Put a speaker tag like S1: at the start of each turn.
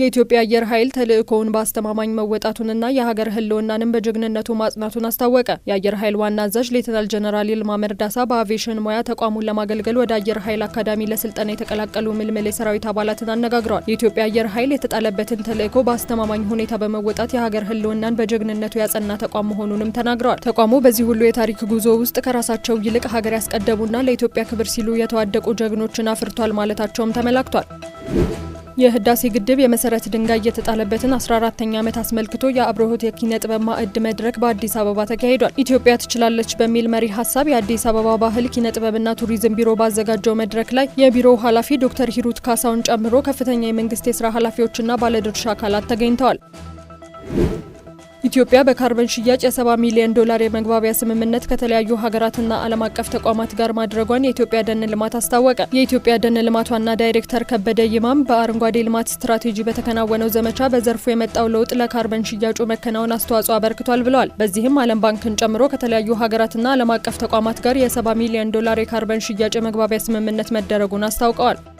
S1: የኢትዮጵያ አየር ኃይል ተልእኮውን በአስተማማኝ መወጣቱንና የሀገር ህልውናንም በጀግንነቱ ማጽናቱን አስታወቀ። የአየር ኃይል ዋና አዛዥ ሌተናል ጀነራል ይልማ መርዳሳ በአቪዬሽን ሙያ ተቋሙን ለማገልገል ወደ አየር ኃይል አካዳሚ ለስልጠና የተቀላቀሉ ምልምል የሰራዊት አባላትን አነጋግረዋል። የኢትዮጵያ አየር ኃይል የተጣለበትን ተልዕኮ በአስተማማኝ ሁኔታ በመወጣት የሀገር ህልውናን በጀግንነቱ ያጸና ተቋም መሆኑንም ተናግረዋል። ተቋሙ በዚህ ሁሉ የታሪክ ጉዞ ውስጥ ከራሳቸው ይልቅ ሀገር ያስቀደሙና ለኢትዮጵያ ክብር ሲሉ የተዋደቁ ጀግኖችን አፍርቷል ማለታቸውም ተመላክቷል። የህዳሴ ግድብ የመሰረት ድንጋይ የተጣለበትን 14ተኛ ዓመት አስመልክቶ የአብርሆት የኪነ ጥበብ ማዕድ መድረክ በአዲስ አበባ ተካሂዷል። ኢትዮጵያ ትችላለች በሚል መሪ ሀሳብ የአዲስ አበባ ባህል ኪነ ጥበብና ቱሪዝም ቢሮ ባዘጋጀው መድረክ ላይ የቢሮው ኃላፊ ዶክተር ሂሩት ካሳውን ጨምሮ ከፍተኛ የመንግስት የስራ ኃላፊዎችና ባለድርሻ አካላት ተገኝተዋል። ኢትዮጵያ በካርበን ሽያጭ የ70 ሚሊዮን ዶላር የመግባቢያ ስምምነት ከተለያዩ ሀገራትና ዓለም አቀፍ ተቋማት ጋር ማድረጓን የኢትዮጵያ ደን ልማት አስታወቀ። የኢትዮጵያ ደን ልማት ዋና ዳይሬክተር ከበደ ይማም በአረንጓዴ ልማት ስትራቴጂ በተከናወነው ዘመቻ በዘርፉ የመጣው ለውጥ ለካርበን ሽያጩ መከናወን አስተዋጽኦ አበርክቷል ብለዋል። በዚህም ዓለም ባንክን ጨምሮ ከተለያዩ ሀገራትና ዓለም አቀፍ ተቋማት ጋር የ70 ሚሊዮን ዶላር የካርበን ሽያጭ የመግባቢያ ስምምነት መደረጉን አስታውቀዋል።